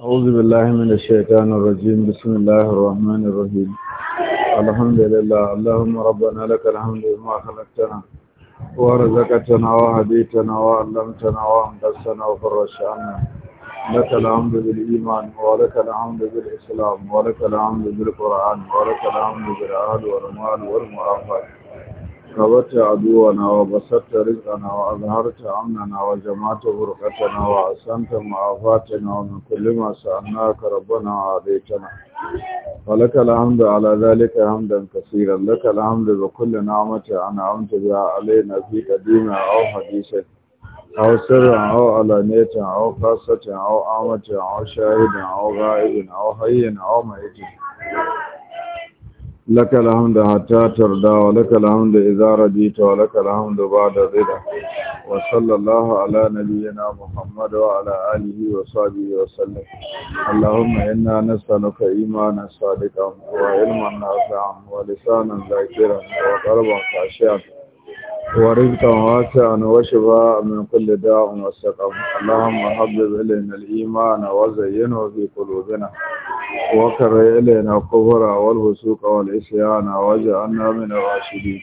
أعوذ بالله من الشيطان الرجيم بسم الله الرحمن الرحيم الحمد لله اللهم ربنا لك الحمد ما خلقتنا ورزقتنا وهديتنا وعلمتنا وأنقذتنا وفرجت عنا لك الحمد بالإيمان ولك الحمد بالإسلام ولك الحمد بالقرآن ولك الحمد بالأهل والمال والمعافاة kabata addu'ana wa basatta rizqana wa azharta amnana wa jama'ata furqatana wa asanta ma'afatana wa min kulli ma sa'alnaka rabbana wa adaitana wa laka alhamdu ala dhalika hamdan kaseeran laka alhamdu bi kulli ni'mati an'amta biha alayna fi qadima aw hadisa aw sirra aw alaniyata aw khassata aw amata aw shahida aw ghaibin aw hayyin aw ma'itin لك الحمد حتى ترضى ولك الحمد إذا رضيت ولك الحمد بعد رضا وصلى الله على نبينا محمد وعلى آله وصحبه وسلم اللهم إنا نسألك إيمانا صادقا وعلما نافعا ولسانا ذاكرا وقلبا خاشعا ورزقا واسعا وشفاء من كل داء وسقم اللهم حبب إلينا الإيمان وزينه في قلوبنا وكر إلينا الكفر والفسوق والإسيان وجعلنا من الراشدين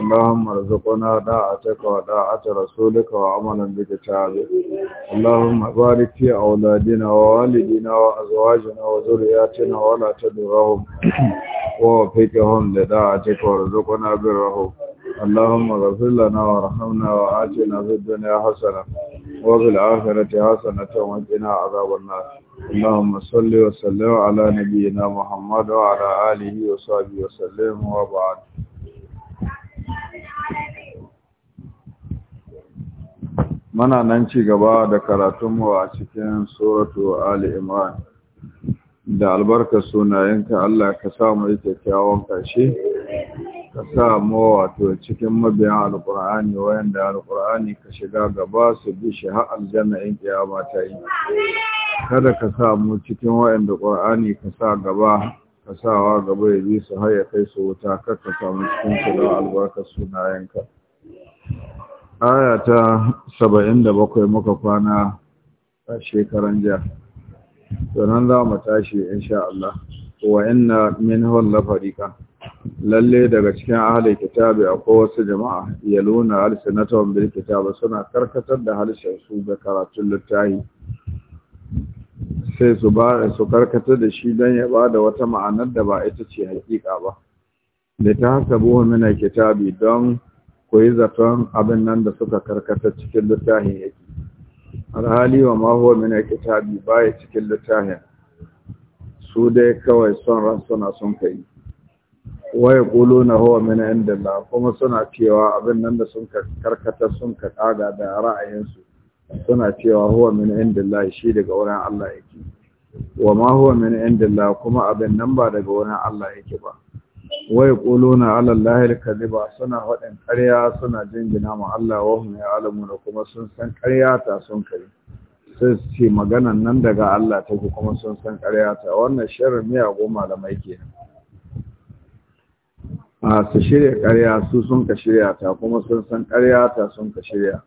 اللهم ارزقنا داعتك وداعة رسولك وعملا بكتابك اللهم بارك في أولادنا ووالدنا وأزواجنا وذرياتنا ولا تدرهم ووفقهم لداعتك وارزقنا برهم اللهم اغفر لنا وارحمنا وآتنا في الدنيا حسنة وفي الآخرة حسنة وقنا عذاب النار اللهم صل وسلم على نبينا محمد وعلى آله وصحبه وسلم وبعد Muna nan ci gaba da karatunmu a cikin suratu Ali Imran da albarka sunayenka Allah ka samu kyakkyawan ƙarshe ka sa mu wato cikin mabiyan alkur'ani wayanda Alƙur'ani ka shiga gaba su bi shi har aljanna in kiyama ta yi kada ka sa mu cikin wayanda ƙur'ani ka sa gaba ka sawa gaba ya bi su har ya kai su wuta kar ka samu cikin su da albarka sunayenka aya ta 77 muka kwana a shekaran jiya to nan za mu tashi insha Allah wa inna minhu lafariqan lalle daga cikin ahalin kitabi a wasu jama'a yaluna alsinatawan bil kitabi suna karkatar da harshen su ga karatun littahi sai su ba su karkatar da shi don ya ba da wata ma'anar da ba ita ce hakika ba da ta buwa min kitabi don ku yi zaton abin nan da suka karkata cikin littafin yake alhali wa ma mina min kitabi baya cikin littafin su dai kawai son ran suna sun kai waye ƙulo na hawa mina inda da kuma suna cewa abin nan da sun karkata sun ka kaga da ra'ayinsu suna cewa huwa min indillah shi daga wurin Allah yake wa ma huwa min indillah kuma abin nan ba daga wurin Allah yake ba wai na ala allahi kadiba suna hadin ƙarya suna jingina ma Allah wa hum ya'lamu kuma sun san ƙarya ta sun ka sai su ce maganan nan daga Allah take kuma sun san ƙarya ta wannan sharri ne a goma mai kenan a su shirya karya su sun ka shirya ta kuma sun san karya ta sun ka shirya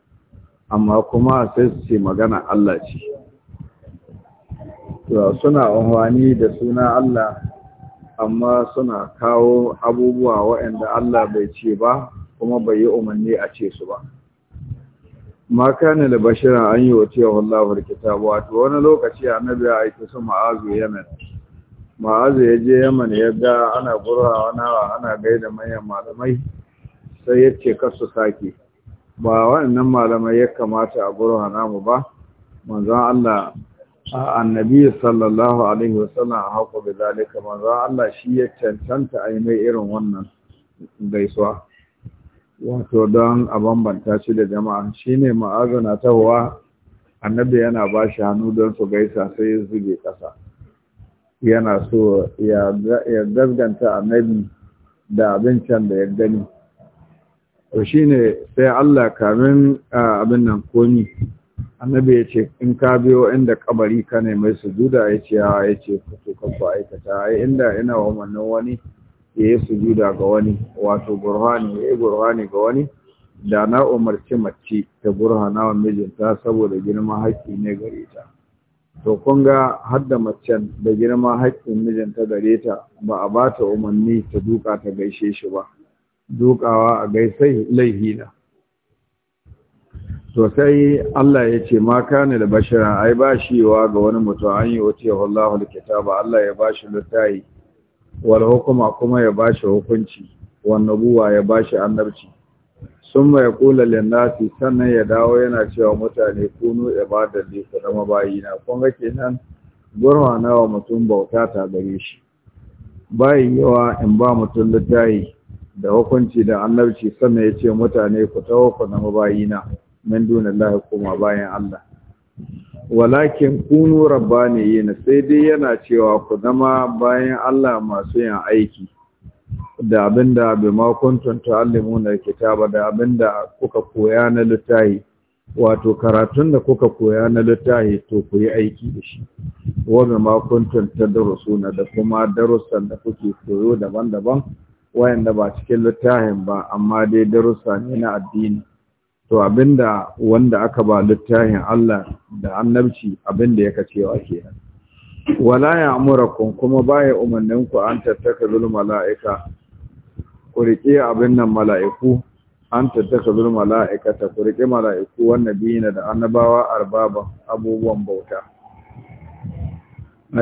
amma kuma sai su ce magana Allah ce suna amfani da suna Allah amma suna kawo abubuwa waɗanda Allah bai ce ba kuma bai yi umarni a ce su ba ma kana da bashirin an yi wa cewa Allah barkita wato wani lokaci annabi ya aiki su ma'azu Yemen. ma'azu ya je yaman ya ga ana gurwa nawa ana gaida manyan malamai sai ya ce kasu sake ba waɗannan malamai ya kamata a gurwa namu ba manzon Allah annabi sallallahu alaihi wasallam a haƙo da zalika manzon Allah shi ya cancanta a yi mai irin wannan gaisuwa wato don a bambanta shi da jama'a shi ne ma'azana tahowa annabi yana ba shi hannu don su gaisa sai ya zuge ƙasa yana so ya gaskanta annabi da abin can da ya gani to shine sai Allah kamin abin nan komi annabi ya ce in ka biyo inda kabari ka ne mai sujuda ya ce ya ya ce fito ka ku aikata ai inda ina umarnin wani ya yi sujuda ga wani wato burhani ya yi burhani ga wani da na umarci mace ta burhana wa mijinta saboda girman haƙƙi ne gare ta to kun ga har da macen da girma haƙƙin mijinta gare ta ba a ba ta umarni ta duka ta gaishe shi ba dukawa a gaisai laihi na to sai Allah ya ce ma kana da bashara ai ba shi wa ga wani mutum an yi wuce wallahu alkitaba Allah ya bashi littafi wal hukuma kuma ya bashi hukunci wan buwa ya bashi annabci sun mai kula linnati sannan ya dawo yana cewa mutane kunu ibadar da ku zama bayina kun ga kenan gurma nawa mutum bauta ta gare shi bayan yawa in ba mutum littayi da hukunci da annabci sannan ya ce mutane ku taho ku zama bayina min dunillahi kuma bayan Allah walakin kunu Rabba ne yana. sai dai yana cewa ku zama bayan Allah masu yin aiki da abinda bai ma kuntum na kitaba da abinda kuka koya na littahi wato karatun da kuka koya na littahi to ku yi aiki da shi wa bi ma kuntum na da kuma darussan da kuke koyo daban-daban wayanda ba cikin littahin ba amma dai darussa ne na addini to abinda wanda aka ba littahin Allah da annabci abinda yake cewa kenan wala ya amurakum kuma baya umarninku an tattaka zulmala'ika mala'ika ku riƙe abin nan mala'iku an tattakazul mala'ikata ku riƙe mala'iku wannan biyina da annabawa arbaban abubuwan bauta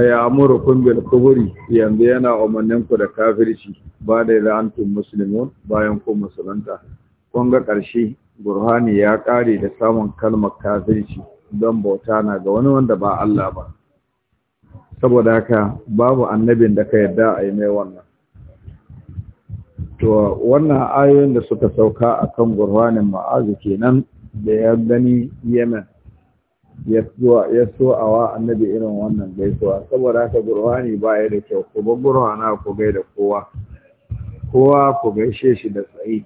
ya kun bil kuburi yanzu yana umarnin ku da kafirci ba da la'antum muslimun bayan ku musulunta kun ƙarshe burhani ya ƙare da samun kalmar kafirci don bauta na ga wani wanda ba Allah ba saboda haka babu annabin da ka yarda a yi mai wannan to wannan ayoyin da suka sauka a kan gurbanin ma'azu kenan da ya gani yemen ya so a wa annabi irin wannan gaisuwa saboda haka ba ya da kyau ku bar ku gai da kowa kowa ku gaishe shi da tsayi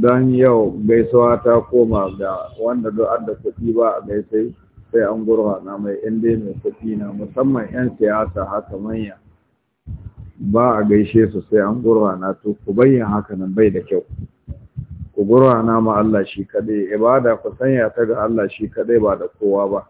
don yau gaisuwa ta koma ga wanda do'ar da kuɗi ba a gaisai sai an gurhana mai inda mai kuɗi na musamman 'yan siyasa haka manya ba a gaishe su sai an gurwana to ku bayyana hakanan bai da kyau ku gurwana ma Allah shi kadai ibada ku sanya ta ga Allah shi kaɗai ba da kowa ba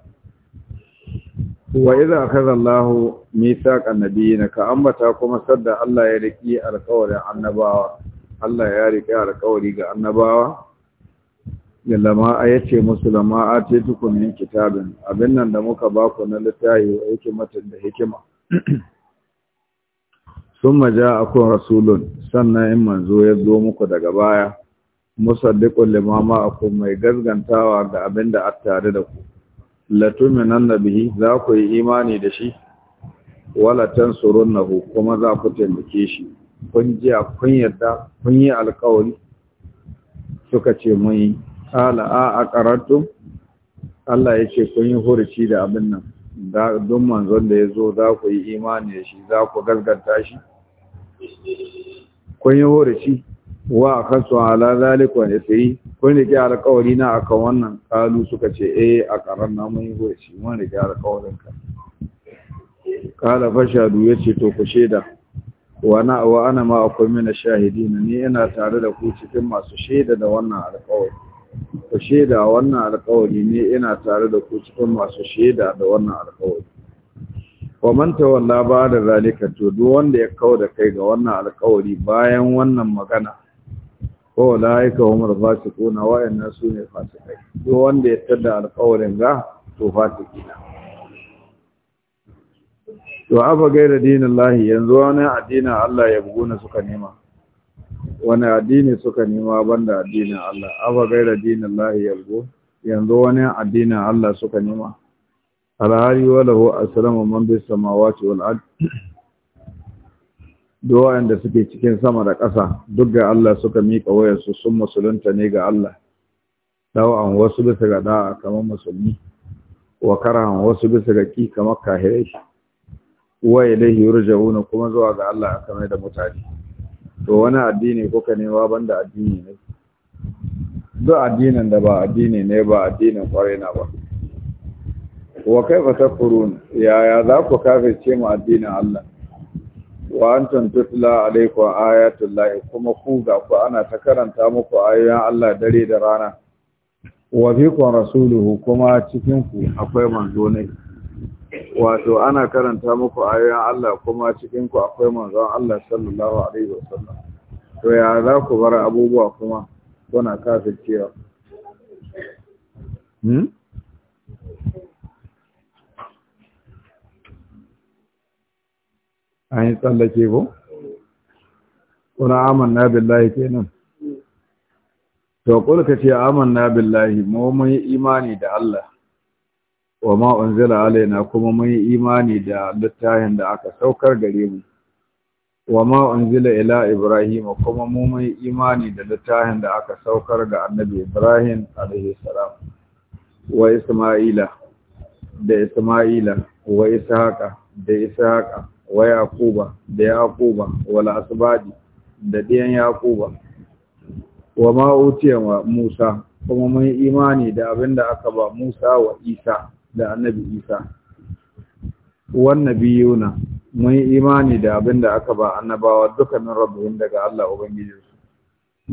wa idza akhadha Allah mithaqan nabiyina ka ambata kuma sadda Allah ya riki alqawli annabawa Allah ya riki alqawli ga annabawa lama ayace musulma lama atetukum min kitabin abin nan da muka baku na littafi yake matan da hikima summa ja'akum rasulun sannan in manzo ya zo muku daga baya musaddiqun lima ma'akum mai gazgantawa da abinda a tare da ku latuminan bihi za ku yi imani da shi wala tansurunnahu kuma za ku taimake shi kun jiya kun yadda kun yi alƙawari suka ce mun yi ala a Allah ya ce kun yi hurci da abin nan don manzon da ya zo za ku yi imani da shi za ku gaskanta shi kun yi horici? wa a kansu ala zalikwa da sai kun rike alkawari na akan wannan kalu suka ce eh a karan na yi horici, mun rike alkawarin ka kala du ya ce to ku shaida wa ana ma akwai mina shahidina ni yana tare da ku cikin masu shaida da wannan alkawari ku shaida wannan alƙawari ne ina tare da ku cikin masu shaida da wannan alƙawari wa man tawalla ba da zalika to duk wanda ya kawo da kai ga wannan alƙawari bayan wannan magana ko laika humul fasiqun wa inna sunni fasiqai duk wanda ya tada alƙawarin ga to fasiki to afa gaira dinin lahi yanzu wani addinin Allah ya buguna suka nema wani addini suka nema banda addinin Allah afa gaira dinin lahi yalgo yanzu wani addinin Allah suka nema alhari walahu assalamu man bis samawati wal ard duwayen da suke cikin sama da ƙasa duk ga Allah suka mika wayarsu sun musulunta ne ga Allah dawa'an wasu bisa ga da'a kamar musulmi wa karahan wasu bisa ga ki kamar kahirai wa ilaihi yurja'una kuma zuwa ga Allah kamar da mutane to wani addini kuka nema banda addini ne duk addinin da ba addini ne ba addinin kwarai na ba wa kai ta takfurun yaya za ku ce mu addinin Allah wa antum tutla alaykum ayatullahi kuma ku ga ku ana ta karanta muku ayoyin Allah dare da rana wa fikum rasuluhu kuma cikin ku akwai manzo ne wato ana karanta muku ayoyin Allah kuma cikin ku akwai manzon Allah sallallahu alaihi wasallam to ya za ku bar abubuwa kuma kuna kafircewa hmm an yi tsallake ko kuna amanna billahi kenan to kulka ce amanna billahi mu mun yi imani da Allah wa ma unzila alaina kuma mun yi imani da littafin da aka saukar gare mu wa ma unzila ila ibrahim kuma mun yi imani da littafin da aka saukar ga annabi ibrahim alaihi salam wa isma'ila da isma'ila wa ishaqa da ishaqa wa yaquba da yaquba wal asbadi da diyan yaquba wa ma utiya musa kuma mun yi imani da abinda aka ba musa wa isa da annabi isa wannan biyuna mun yi imani da abinda aka ba annabawa duka min rabbihim daga Allah ubangijinsu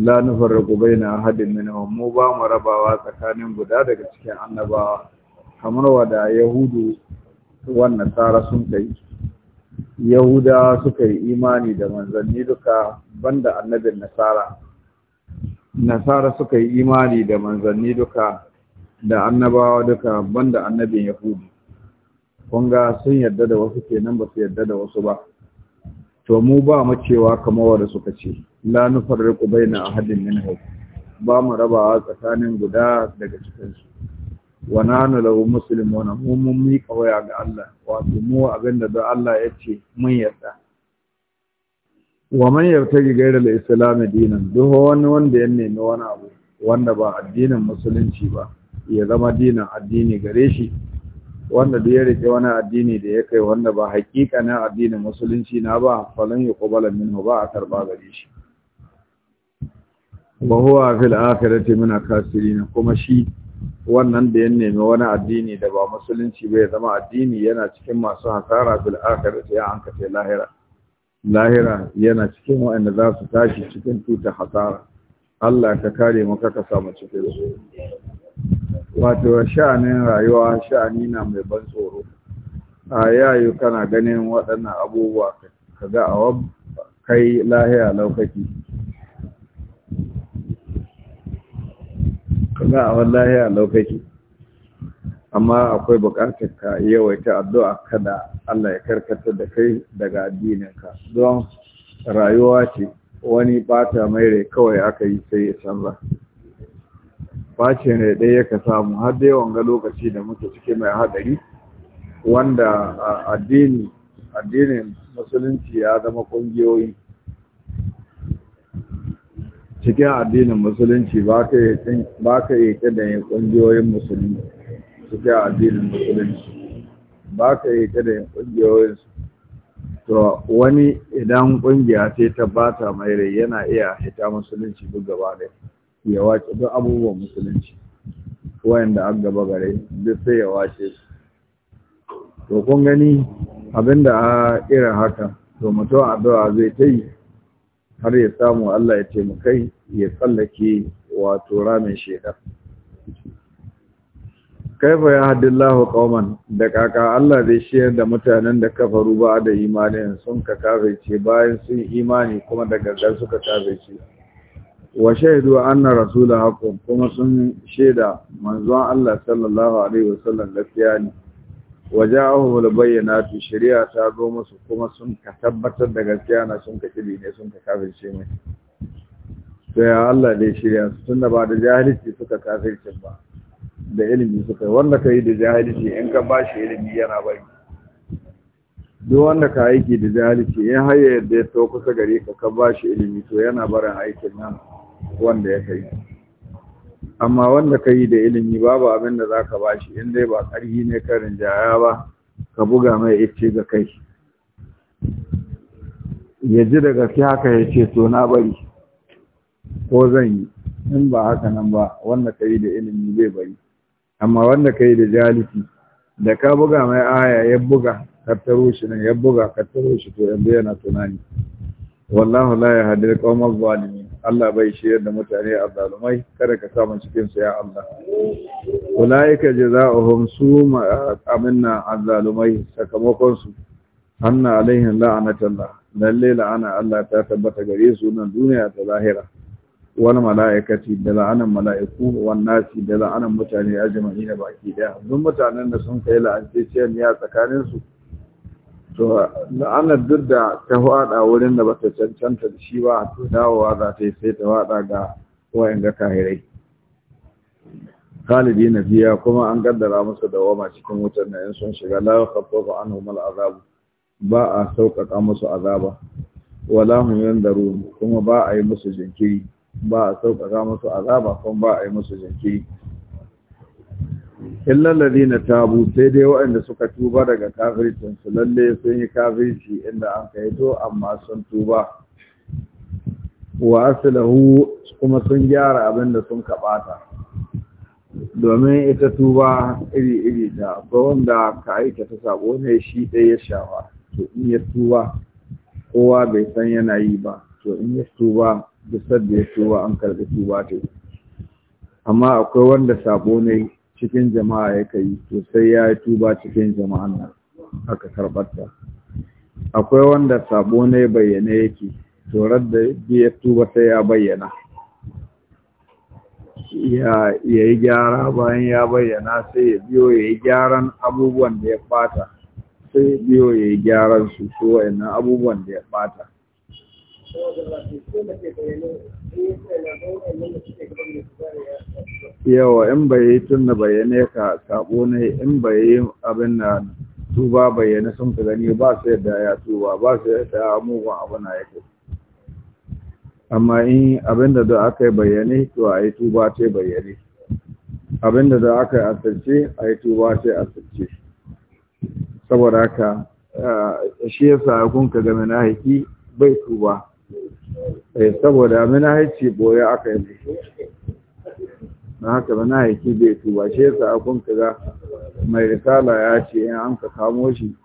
la nufarriqu baina ahadin minhum mu ba mu rabawa tsakanin guda daga cikin annabawa kamar wada yahudu wannan tsara sun kai yahuda suka yi imani da manzanni duka banda annabin nasara nasara suka yi imani da manzanni duka da annabawa duka banda annabin Yahudu. kun ga sun yarda da wasu kenan ba su yarda da wasu ba to mu ba mu cewa kamar wanda suka ce la nufarriqu baina ahadin minhu ba mu rabawa tsakanin guda daga cikin su wa nanu lahu muslimuna mu mun mi kawaya ga Allah wato mu abinda da Allah ya ce mun yarda wa man yartaji ghayra al-islam dinan duk wani wanda ya nemi wani abu wanda ba addinin musulunci ba ya zama dinin addini gare shi wanda duk ya rike wani addini da ya kai wanda ba hakika na addinin musulunci na ba falan ya kubala minhu ba a karba gare shi wa huwa fil akhirati min akasirin kuma shi wannan da ya nemi wani addini da ba musulunci ba ya zama addini yana cikin masu hasara fil akhirati ya an kace lahira lahira yana cikin wa'anda za su tashi cikin tuta hasara Allah ka kare mu ka samu cikin su wato sha'anin rayuwa sha'ani na mai ban tsoro a yayi kana ganin waɗannan abubuwa ka ga a kai lahiya laukaki ka ga a lahiya laukaki amma akwai buƙatar ka yawaita addu'a kada Allah ya karkatar da kai daga addininka don rayuwa ce wani bata mai rai kawai aka yi sai ya canza bacin ne ɗaya yaka samu har dai wanga lokaci da muke cike mai haɗari wanda addini addinin musulunci ya zama kungiyoyi cikin addinin musulunci ba ka yi yin ƙungiyoyin musulunci cikin addinin musulunci ba ka yi kungiyoyin su to wani idan ƙungiya ce ta bata mai rai yana iya hita musulunci duk gaba ɗaya ya wace duk abubuwan musulunci da an gaba gare duk sai ya wace to kun gani abinda a irin haka to mutum addu'a zai ta yi har ya samu Allah ya taimakai ya tsallake wato ramin shekar kaifa ya haddillahu qauman da kaka Allah zai shiyar da mutanen da kafaru ba da imanin sun ka kafirce bayan sun imani kuma daga gar suka kafirce wa shaidu anna da haqqun kuma sun shaida manzon Allah sallallahu alaihi wasallam gaskiya ne waja'ahu bayyana su, shari'a ta zo musu kuma sun ka tabbatar da gaskiya na sun ka tibi ne sun ka kafirce mai to ya Allah dai shari'a tunda ba da jahilci suka kafirce ba da ilimi suka wanda kai da jahilci in ka ba shi ilimi yana bari duk wanda ka aiki da jahilci in har yadda ya to kusa gare ka ka shi ilimi to yana barin aikin nan wanda ya kai amma wanda ka yi da ilimi babu abin da za ka ba shi in dai ba ƙarfi ne karin jaya ba ka buga mai ice ga kai ya ji da gaske haka ya ce to na bari ko zan yi in ba haka nan ba wanda ka yi da ilimi bai bari amma wanda ka yi da jaliki, da ka buga mai aya ya buga kattaro shi nan ya buga kattaro shi to yanzu yana tunani wallahu la ya hadir qaumal zalimin Allah bai shiyar da mutane a zalumai kada ka samu cikinsu ya Allah ulaika jaza'uhum su aminna azzalumai sakamakon su anna alaihim la'anatullah lalle la'ana Allah ta tabbata gare su nan duniya ta lahira wani mala'ikaci da la'anan mala'iku nasi da la'anan mutane ajma'ina baki daya mutanen da sun kai la'anceciyar ya tsakaninsu su to la'anar duk da ta hada wurin da bata cancanta da shi ba to dawowa za ta yi sai ta waɗa ga wayan ga kahirai kalibi na biya kuma an gaddara musu wama cikin wutar na yan sun shiga la an anhum al'azab ba a sauƙaƙa musu azaba wala hum yandarun kuma ba a yi musu jinkiri ba a sauƙaƙa musu azaba kuma ba a yi musu jinkiri illal ladina tabu sai dai waɗanda suka tuba daga kafircin su lalle sun yi kafirci inda an kai to amma sun tuba wa aslahu kuma sun gyara abin da sun kabata domin ita tuba iri-iri ta ba wanda ka aikata sabo ne shi ɗaya shawa to in ya tuba kowa bai san yana yi ba to in ya tuba duk da ya tuba an karbi tuba ta amma akwai wanda sabo ne cikin jama'a ya kai to sai ya tuba cikin jama'an nan aka karɓarta akwai wanda sabo ne bayyana yake torar da ya tuba sai ya bayyana ya yi gyara bayan ya bayyana sai ya biyo ya yi gyaran abubuwan da ya fata, sai ya biyo ya yi gyaran su so abubuwan da ya ɓata yawa in bai yi tun da bayyane ka sabo ne in bai yi abin na tuba bayyane sun ka gani ba su yadda ya tuba ba su yadda ya mugun abu na yake amma in abin da da aka yi bayyane to a yi tuba ce bayyane abin da da aka yi asirce a yi tuba ce asirce saboda haka ah, shi yasa kun ka game na haiki bai tuba eh saboda mina haici boye aka yi na haka mina haici bai tuba shi yasa akun kaga mai risala ya ce in an ka kamo shi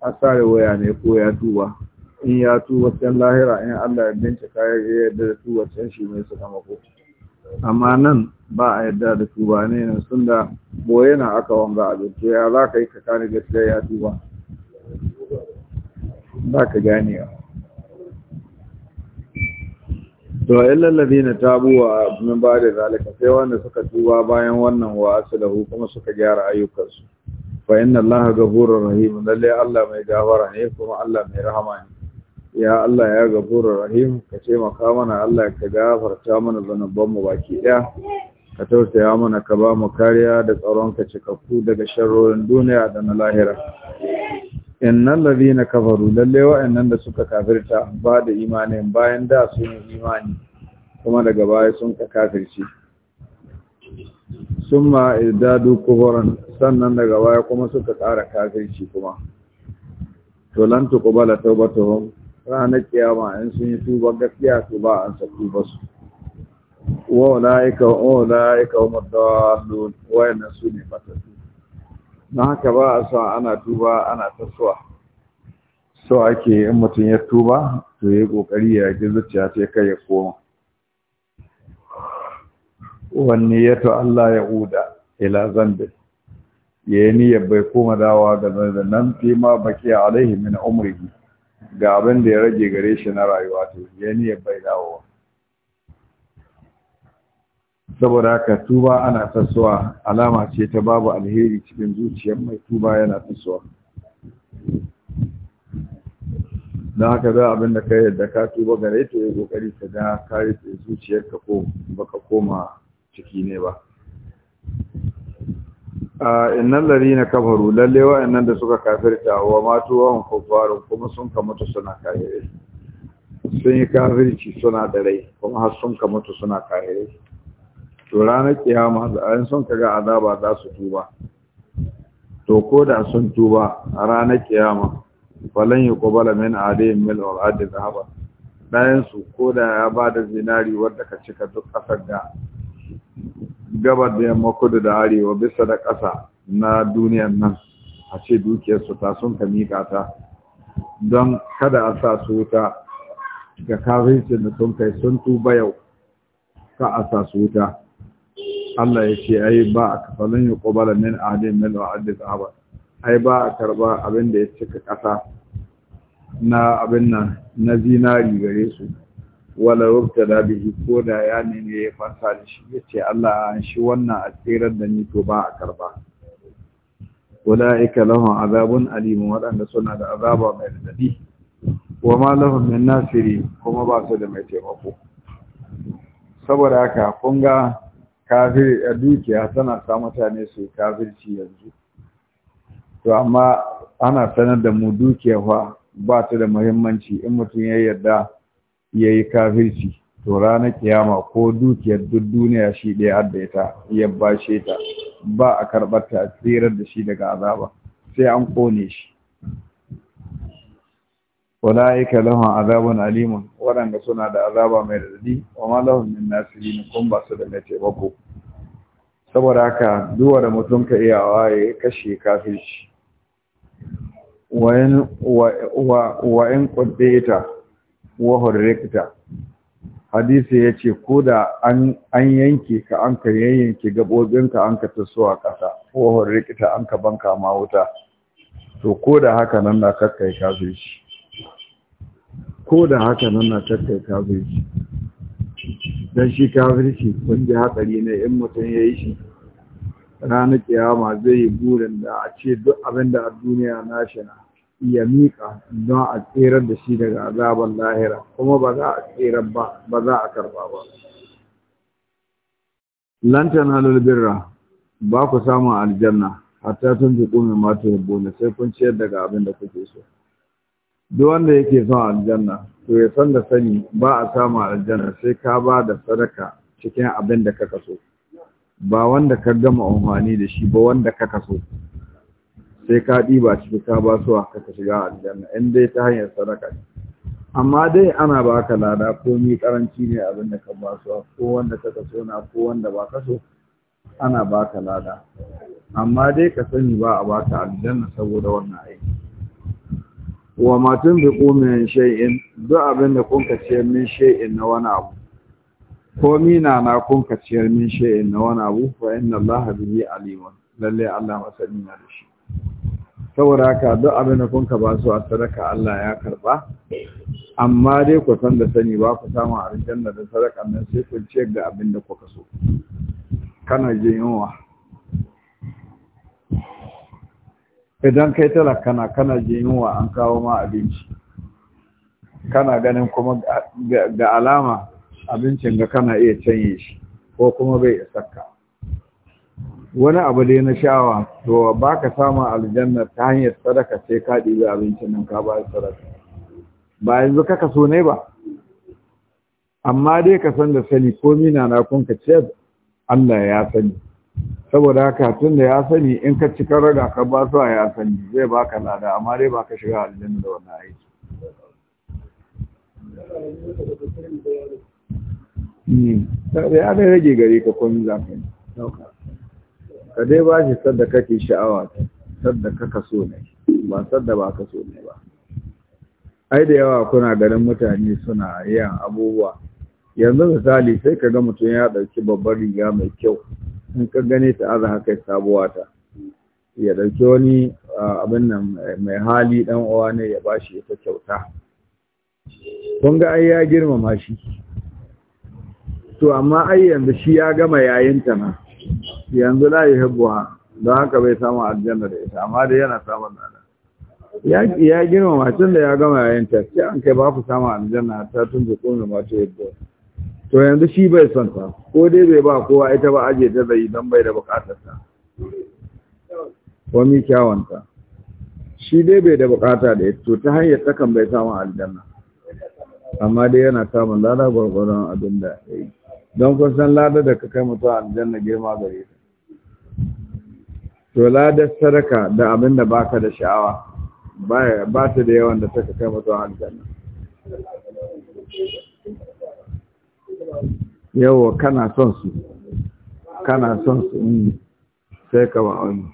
a tsare waya ne ko ya tuba in ya tuba can lahira in Allah ya bincika ya yarda da tuba can shi mai su kama amma nan ba a yarda da tuba ne nan sun da boye na aka wanga a to ya za ka yi ka kare gaskiya ya tuba ba ka gane ganewa to illal ladina tabu wa min ba'da zalika sai wanda suka tuba bayan wannan wa da kuma suka gyara ayyukansu fa inna allaha ghafurur rahim lalle allah mai gafara ne kuma allah mai rahama ne ya allah ya ghafurur rahim ka ce maka mana allah ka gafarta mana zanubban mu baki ɗaya, ka tausaya mana ka ba mu kariya da tsaron ka cikakku daga sharrorin duniya da na lahira innal ladina kafaru lalle wa'annan da suka kafirta ba da imanin bayan da sun yi imani kuma daga baya sun ka kafirce summa idadu kufran sannan daga baya kuma suka ƙara kafirci kuma to lan tuqbala tawbatuhum ranar kiyama in sun yi tuba gaskiya to ba an sa tuba su wa ya wa ulaika hum ad-dallun wa inna sunni fatatu don haka ba a sa ana tuba ana tasowa so ake in mutum ya tuba to ya kokari ya ji zuciya sai kai ya koma wanne ya ta Allah ya uda ila zambe ya yi niyyar bai koma dawa ga zanzan nan fi ma baki alaihi min Umarni, ga abin da ya rage gare shi na rayuwa to ya yi niyyar bai dawowa saboda haka tuba ana tasowa alama ce ta babu alheri cikin zuciyar mai tuba yana tasowa don haka za abin da ka yadda ka tuba gare ta ya kokari ka ga ka zuciyar zuciyarka ko baka koma ciki ne ba a innan lari na kafaru lalle wa'annan da suka kafirta wa matu wa kufarun kuma sun kamata suna kafirai sun yi kafirci suna da rai kuma har sun kamata suna kafirai to ranar kiyama da an son kaga azaba za su tuba to ko da sun tuba a ranar kiyama falan yuqbala min adayin mil or adin zahaba dayan su ko da ya ba da zinari wadda ka cika duk kasar da gabar da yamma kudu da arewa bisa da ƙasa na duniyan nan a ce dukiyarsu ta sun ka miƙa ta don kada a sa su wuta ga kafin da sun kai sun tuba yau ka a sa su wuta Allah ya ce ai ba a kafalin yi ƙobala min ahadin min wa'adin sahaba ai ba a karba abin da ya cika ƙasa na abin nan na zinari gare su wala rubta da bihi ko da ya ne ya fasa da shi ya ce Allah an shi wannan a tsirar da ni to ba a karba ika lahum azabun alim waɗanda suna da azaba mai radadi wa ma lahum min nasiri kuma ba su da mai taimako saboda haka kun ga kafir a dukiya tana sa mutane su kafirci yanzu to amma ana sanar da mu dukiya fa ba ta da muhimmanci in mutum ya yarda ya yi kafirci to ranar kiyama ko dukiyar duk duniya shi ɗaya addaita ya bashe ta ba a karɓar ta tsirar da shi daga azaba sai an kone shi ulaika lahum azabun alimun waɗanda suna da azaba mai radadi wa ma lahum min nasirin kun ba su da ba saboda haka duwa da mutum ka iya ya kashe kafirci wa in ƙuddaita wa hurrikta hadisi ya ce ko da an yanke ka an ka yayyanke gabobinka an ka tasowa a ƙasa wa hurrikta an ka banka ma wuta to ko da haka nan na kakkai kafirci ko da haka nan na kakkai kafirci don shi shi kun ji hatsari na in mutum ya yi shi ranar kiyama zai yi burin da a ce duk abin da a duniya na shi na iya miƙa don a tserar da shi daga azaban lahira kuma ba za a tserar ba ba za a karba ba lantan halul birra ba ku samun aljanna hatta tun fi kome mata ne, sai kun ciyar daga abin da kuke so duk wanda yake son aljanna to ya san da sani ba a samu aljanna sai ka ba da sadaka cikin abin da ka kaso. ba wanda ka gama amfani da shi ba wanda ka kaso, sai ka ɗiba ciki ka ba su ka shiga aljanna in dai ta hanyar sadaka ne amma dai ana baka lada ko mi karanci ne abin da ka ba su ko wanda ka kaso na ko wanda ba ka so ana baka lada amma dai ka sani ba a baka aljanna saboda wannan aiki wa matun bi min shay'in duk abin da kun kace min shay'in na wani abu ko mina na kun kaciyar min shay'in na wani abu fa inna allaha bihi alimun lalle allah masani na da shi saboda haka duk abin da kun ka ba su a sadaka allah ya karba amma dai ku san da sani ba ku samu aljanna da sadaka nan sai ku ce da abin da kuka so kana jin yunwa idan kai talakana kana jin yunwa an kawo ma abinci kana ganin kuma ga alama abincin ga kana iya canye shi ko kuma bai ka wani abu dai na sha'awa to ba ka samun aljanna ta hanyar sadaka sai ka ɗiba abincin nan ka bayar sadaka ba yanzu kaka so ne ba amma dai ka san da sani ko mina na kunka ka ce Allah ya sani saboda haka tun da ya sani in ka ci raga ka ba su a ya sani zai baka lada amma dai ba ka shiga aljanna da wannan aiki hmm. ya dai rage gare ka komi za ka yi ka dai ba shi sadda kake sha'awa sadda ka so ne ba sadda ba ka so ne ba ai da yawa kuna ganin mutane suna yin abubuwa yanzu misali sai ka ga mutum ya ɗauki babbar riga mai kyau in ka gane ta aza haka sabuwa ta ya ɗauki wani abin nan mai hali ɗan uwa ne ya bashi ita kyauta kun ga ai ya girmama shi to amma ai yanzu shi ya gama yayin ta na yanzu la yuhibbuha don haka bai samu aljanna da ita amma dai yana samun nana ya ya girmama tun da ya gama yayin ta sai an kai ba ku samu aljanna ta tun da kuma ma ta yadda to yanzu shi bai son ta ko dai bai ba kowa ita ba aje ta zai don bai da bukatar ta komi kyawanta shi dai bai da bukata da to ta hanyar takan bai samu aljanna amma dai yana samun lada gwargwaron abin da ya yi don kun san lada da ka kai mutum aljanna girma gare ta to lada sadaka da abin da baka da sha'awa ba ta da yawan da ta kai mutum aljanna yawo kana son su kana son su in mm. sai ka ba wani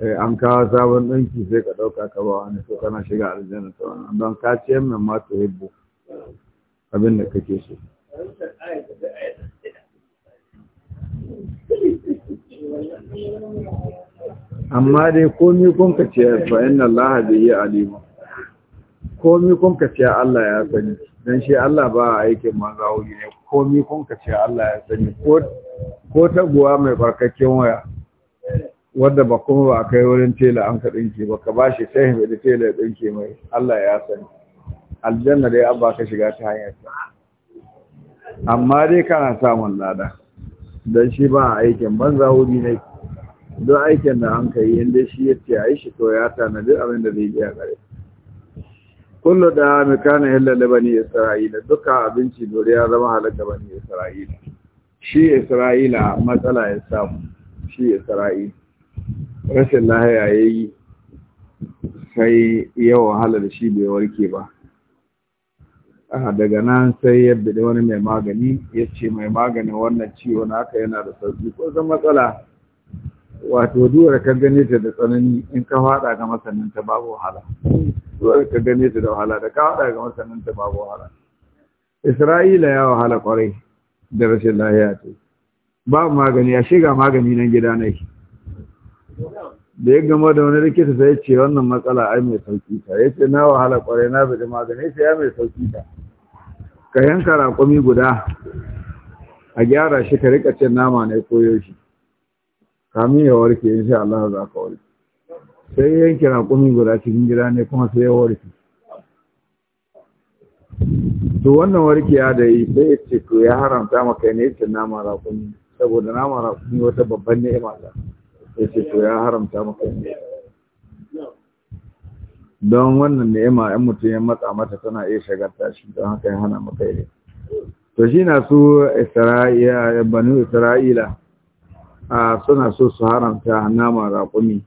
eh, an kawo sabon ɗanki sai ka ɗauka ka ba wani so kana shiga aljanna ta wani don ka ce min ma ta hibbo abin da kake so amma dai komi kun ka ce fa inna allaha bihi alima komi kun ka ce Allah ya sani don shi Allah ba a aikin manza wuri ne komi kun ka ce Allah ya sani ko ta guwa mai barkakken waya wadda ba kuma ba kai wurin tela an ka dinki ba ka ba shi sai da tela ya mai Allah ya sani aljanna dai an ba ka shiga ta hanyar sa amma dai kana samun lada don shi ba a aikin banza wuri ne don aikin da an ka yi inda shi ya ce a yi shi to ya tanadi abin da zai iya gare kullu da mikana hilla bani isra'ila duka abinci dore ya zama halaka bani isra'ila shi isra'ila matsala ya samu shi isra'ila rashin lahiya yayi sai ya wahala da shi bai warke ba daga nan sai ya da wani mai magani ya ce mai maganin wannan ciwo naka yana da sauki ko zan matsala wato duwar ka gane ta da tsanani in ka fada ga masananta babu wahala duwar ka gane ta da wahala da ka fada ga ta babu wahala isra'ila ya wahala kwarai da rashin lahiya ce babu magani a shiga magani nan gida ne da ya gama da wani likita sai ce wannan matsala ai mai sauki ta ya ce na wahala kwarai na bi magani sai ya mai sauki ta ka yanka raƙumi guda a gyara shi ka rika cin nama ne koyo shi kamin ya warke sha Allah za ka warke sai yanke raƙumi guda cikin gida ne kuma sai ya warke to wannan ya da yi sai ya ce to ya haramta maka ne cin nama raƙumi saboda nama raƙumi wata babban ni'ima ta ya ce to ya haramta maka ne don wannan ni'ima 'yan mutum ya matsa mata tana iya shagarta shi don haka ya hana maka ne to shi na su isra'ila banu isra'ila suna so su haramta nama raƙumi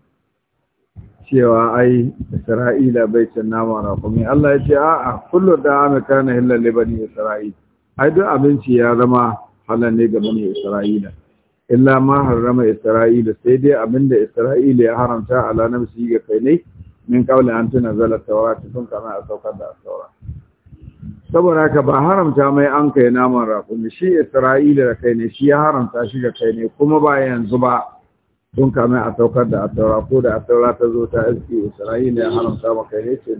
cewa ai isra'ila bai cin nama raƙumi Allah ya ce a'a kullu da ana kana hillal li bani isra'il ai duk abinci ya zama halal ne ga bani isra'ila illa ma harrama isra'ila sai dai abinda isra'ila ya haramta ala nafsi ga kai ne min qawli an tunzala tawrat tun kana a saukar da tawrat saboda haka ba haramta mai an kai naman rakumi shi isra'ila da kai ne shi ya haramta shi da kai ne kuma ba yanzu ba tun kame a saukar da asaura ko da asaura ta zo ta iske isra'ila ya haramta ma kai ne ce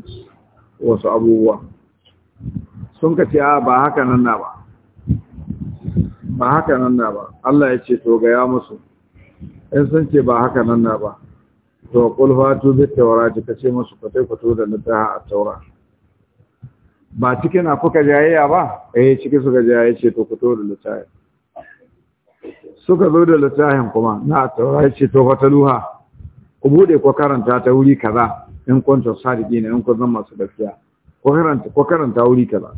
wasu abubuwa sun ka ce ba haka nan na ba ba haka nan na ba Allah ya ce to gaya musu in sun ce ba haka nan na ba to kulfatu bi tawrati kace musu fatai fato da littafin a taurati ba ciki na kuka jayayya ba yi eh, ciki suka jayayya ce to fito da littafin suka zo da littafin kuma na taurari ce to wata luha ku bude ku karanta ta wuri kaza in kunta sadiki ne in kun masu gaskiya ku karanta ku karanta wuri kaza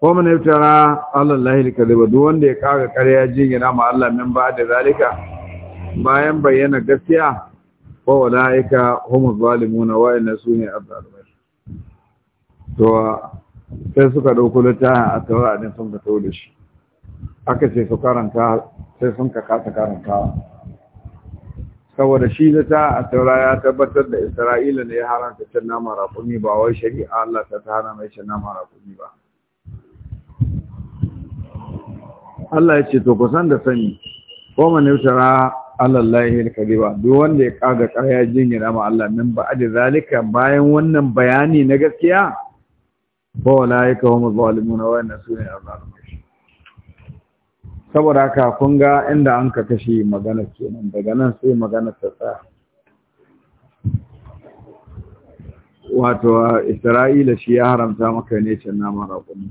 ko yi tara Allah lahi kadaba duk wanda ya kaga ƙarya jingina ma Allah min ba da zalika bayan bayyana gaskiya wa walaika humuz zalimuna wa inna sunni azzalimun to sai suka ɗauko littafin a taura ɗin sun ka da shi aka ce su karanta sai sun ka kasa karanta saboda shi littafin a taura ya tabbatar da isra'ila ne ya haramta can nama raƙumi ba wai shari'a allah ta ta hana mai can nama raƙumi ba Allah ya ce to ku san da sani ko man yutara alallahi alkadiba duk wanda ya kaga ƙarya jingina ma Allah min ba'da zalika bayan wannan bayani na gaskiya fa walaika hum zalimuna wa inna sunna saboda haka kun ga inda an ka kashe magana kenan daga nan sai magana ta tsaya wato Isra'ila shi ya haramta maka ne can nama raƙumi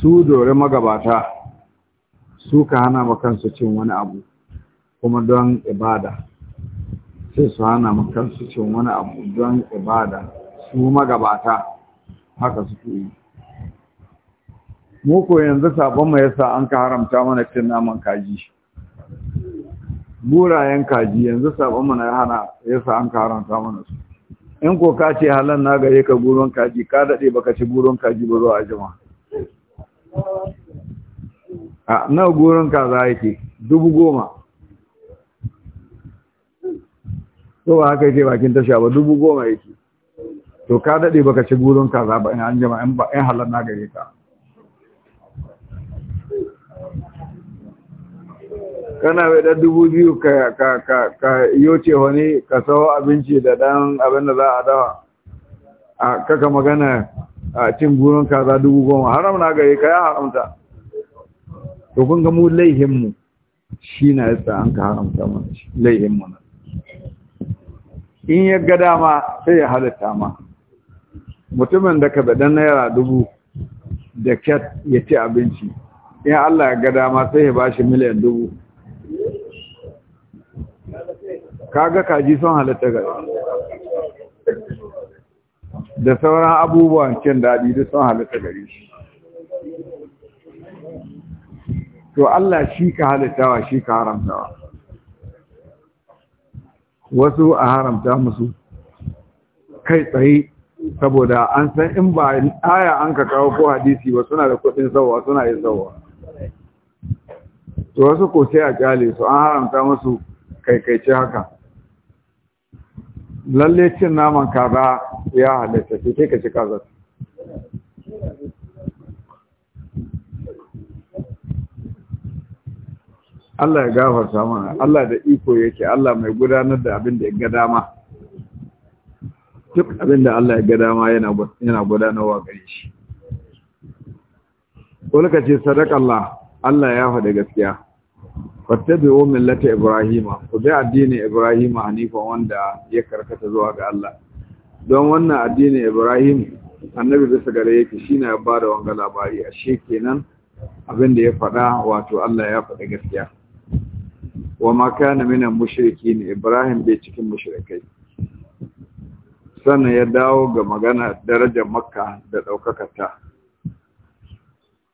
su dore magabata su ka hana makansu cin wani abu kuma don ibada sai su hana makansu cin wani abu don ibada su magabata haka suke yi mu ko yanzu sabon mai yasa an ka haramta mana cin naman kaji burayen kaji yanzu sabon mana na hana yasa an ka haramta mana su in ko ka ce halan na gare ka guron kaji ka daɗe baka ci guron kaji ba zuwa jima a na guron za yake dubu goma to ba haka yake bakin tasha ba dubu goma yake to ka dade baka ci gurin kaza ba in an jama in ba in halar na gare ka kana bai da dubu biyu ka ka ka ka yoce wani ka sawo abinci da dan abin da za a dawa a kaka magana a cin gurin kaza dubu goma haram na gare ka ya haramta to kun ga mu laihinmu shi na yasa an ka haramta mana laihinmu na in ya ga dama sai ya halitta ma mutumin da ka baɗan naira dubu da cat ya ci abinci in Allah ya ga dama sai ya bashi miliyan dubu kaga kaji sun halitta ga da sauran abubuwan cin daɗi da sun halitta gari. to Allah shi ka halittawa shi ka haramtawa wasu a haramta musu kai tsaye saboda an san in ba aya an ka kawo ko hadisi ba suna da kudin sauwa suna yin sauwa to wasu ko sai a kyale su an haramta musu kaikaice haka lalle cin naman kaza ya halatta ce sai ka ci kaza Allah ya gafarta mana Allah da iko yake Allah mai gudanar da abin da ya ga dama duk abin da Allah ya ga dama yana gudanarwa gare shi kulka ce sadakallah Allah ya faɗi gaskiya fattabi'u millata ibrahima ku bi addinin ibrahima hanifa wanda ya karkata zuwa ga Allah don wannan addinin ibrahim annabi bisa gare yake na ya da wanga labari ashe kenan abin da ya faɗa wato Allah ya faɗi gaskiya wa ma kana mushirki ne, ibrahim bai cikin mushirikai sannan ya dawo ga magana darajar makka da ta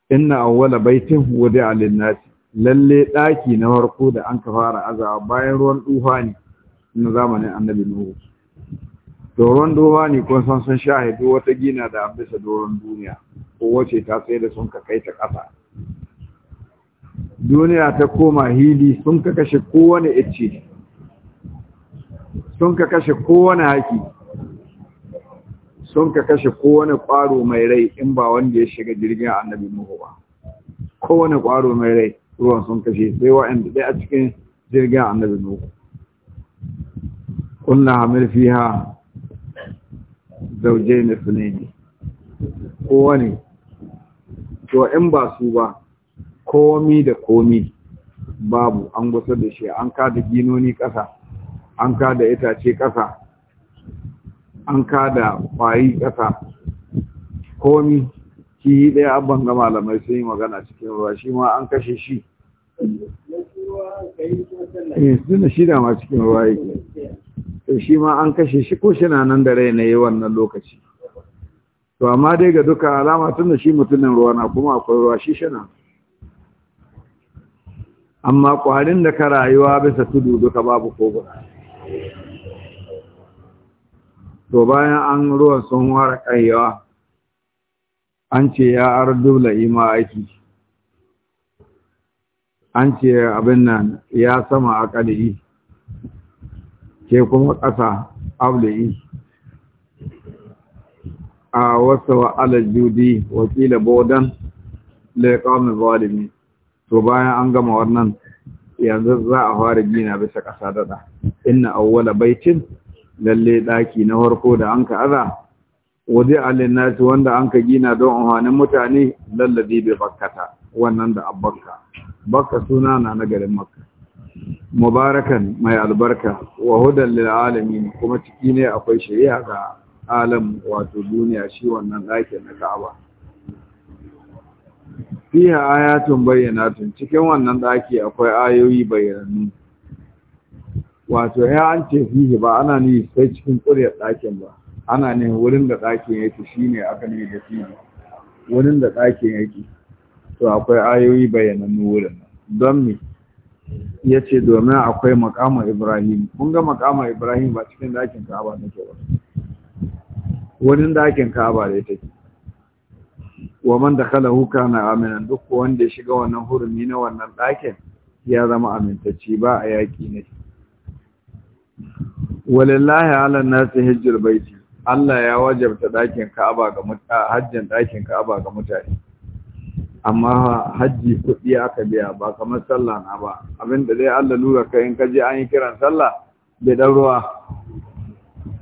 inna awwala baitin wudi alinnati lalle ɗaki na farko da an ka fara azawa bayan ruwan ne na zamanin annabi nuhu to ruwan ne kun san sun shahidu wata gina da abisa doron duniya ko wace ta sai da sun ka kai ta ƙasa duniya ta koma hili sun ka kashe kowane ice sun ka kashe kowane haki sun ka kashe kowane ƙwaro mai rai in ba wanda ya shiga jirgin annabi Nuhu ba. Kowane ƙwaro mai rai ruwan sun kashe sai wa'anda ɗaya a cikin jirgin annabi Nuhu. Kunna hamil fiha zauje na suneni. Kowane, to in ba su ba, komi da komi babu an gusar da shi an da ginoni ƙasa, an da itace ƙasa, an kada kwayi ƙasa komi ki yi ɗaya abban ga malamai sun yi magana cikin ruwa shi ma an kashe shi suna eh, shi da ma cikin ruwa yake to shi ma an kashe shi ko shi na nan da rai na yi wannan lokaci to amma dai ga duka alama tun da shi mutumin ruwa na kuma akwai ruwa shi shana amma kwarin da ka rayuwa bisa tudu duka babu ko guda to bayan an ruwan sun fara ƙayyawa, an ce ya ardu la'ima aiki an ce abin nan ya sama akali, ke kuma ƙasa abla'i a wasu wa'alar judi wakila bodan laikomin zalimi to bayan an gama wannan yanzu za a fara gina bisa ƙasa daɗa inna awwala baitin lalle ɗaki na farko da an ka aza waje alinnasi wanda an ka gina don amfanin mutane lallabi bai bakkata wannan da abbakka bakka suna na na garin makka mubarakan mai albarka wa hudan lil'alami kuma ciki ne akwai shari'a ga alam wato duniya shi wannan ɗakin na ka'aba fiha ayatun tun, cikin wannan ɗaki akwai ayoyi bayyanannu wato ya an ce fihi ba ana ni sai cikin ƙuryar ɗakin ba ana ne wurin da ɗakin yake ne aka ne da fihi wurin da ɗakin yake to akwai ayoyi bayanan wurin don me ya ce domin akwai makama ibrahim kun ga makama ibrahim ba cikin ɗakin ka'aba nake ba wurin ɗakin ka'aba da take wa man dakhalahu kana aminan duk wanda ya shiga wannan hurumi na wannan ɗakin ya zama amintacci ba a yaƙi ne walillahi ala nasi bai baiti Allah ya wajabta dakin Ka'aba ga mutane hajjin dakin Ka'aba ga mutane amma hajji kuɗi aka biya ba kamar sallah na ba abinda dai Allah lura kai in kaje an yi kiran sallah bai dan ruwa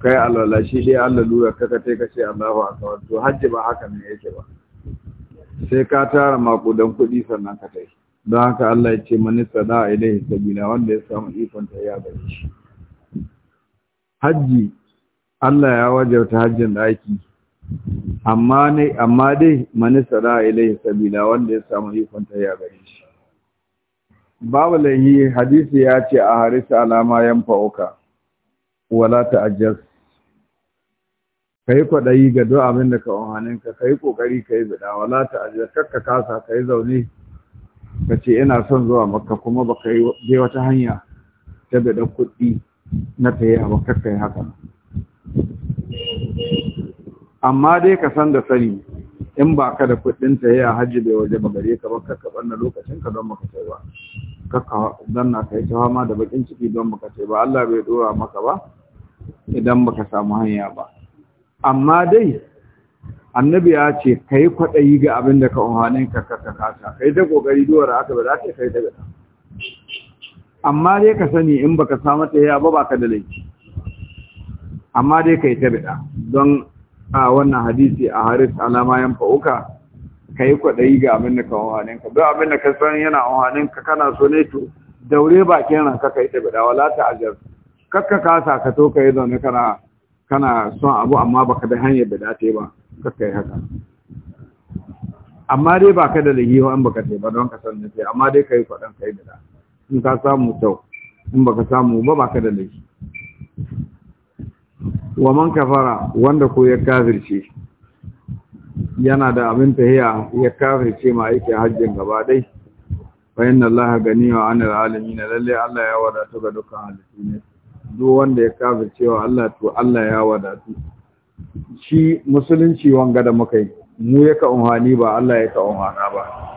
kai alwala shi dai Allah lura ka kai ka ce Allahu akbar to hajji ba haka ne yake ba sai ka tara makudan kuɗi sannan ka kai don haka Allah ya ce mani da ilaihi sabila wanda ya samu ikon ta ya shi hajji Allah ya wajarta hajjin daki amma ne amma dai manisara ilaihi sabila wanda ya samu ikon ta ya gare shi babu lahi hadisi ya ce a harisa alama yan fa'uka wala ta Ka kai kwadayi ga duk abin da ka umarnin ka kai kokari kai bida wala ta'ajjaz kakka kasa kai zaune ka ce ina son zuwa makka kuma baka yi wata hanya ta bida kuɗi na tsaye a abu haka amma dai ka san da sani in ba ka da kuɗin ta yi a hajji bai waje ba gare ka ba kakka lokacin ka don baka tsaye ba kakka don na kai ta ma da bakin ciki don baka tsaye ba Allah bai dora maka ba idan baka samu hanya ba amma dai annabi ya ce yi kwaɗayi ga abin da ka umarnin ka kakka kasa yi ta kokari duwar aka ba za ka yi ta gada amma dai ka sani in baka samu ta ya ba baka da laifi amma dai kai ta bida don a wannan hadisi a haris alama yan fa'uka kai kwaɗayi ga abin da ka wahanin ka don abin da ka san yana wahanin ka kana so ne to daure nan ka kai ta bida wala ta ajar kakka sa ka to kai zaune kana kana son abu amma baka da hanyar da yi ba kakka yi haka amma dai baka da lahiyo an baka yi ba don ka san ne amma dai kai kwadan kai bida in ka samu kyau in baka samu ba baka da laifi wa man kafara wanda ko ya kafirce yana da abin tahiya ya kafirce ma yake hajjin gaba dai fa inna allaha ganiyyu 'anil 'alamin lalle Allah ya wadatu ga dukkan halittu ne duk wanda ya kafirce wa Allah to Allah ya wadatu shi musulunci wanga da muka yi mu ka umhani ba Allah ya ka umhana ba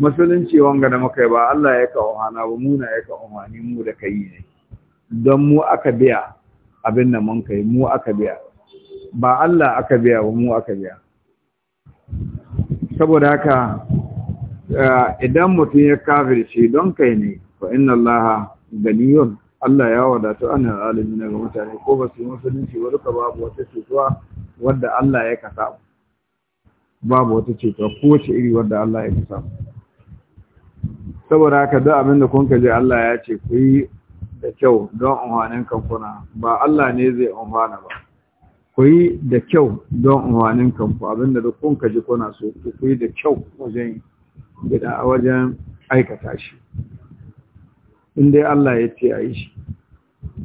musulunci wanga da muka yi ba Allah ya ka ohana ba muna ya ka umarni mu da kai ne don mu aka biya abin da mun kai mu aka biya ba Allah aka biya ba mu aka biya saboda haka eh, idan mutum ya kafirce don kai ne fa inna Allah ganiyun Allah ya wadatu anil alamin ga mutane ko ba su musulunci ba duka babu wata cutuwa wadda Allah ya kasa babu wata cutuwa ko ce iri wadda Allah ya kasa saboda haka duk abin da kun kaje Allah ya ce ku yi da kyau don umarnin kankuna ba Allah ne zai umarna ba ku yi da kyau don umarnin kanku abin da kun ji kuna so ku yi da kyau wajen gida wajen aikata shi in dai Allah ya ce a yi shi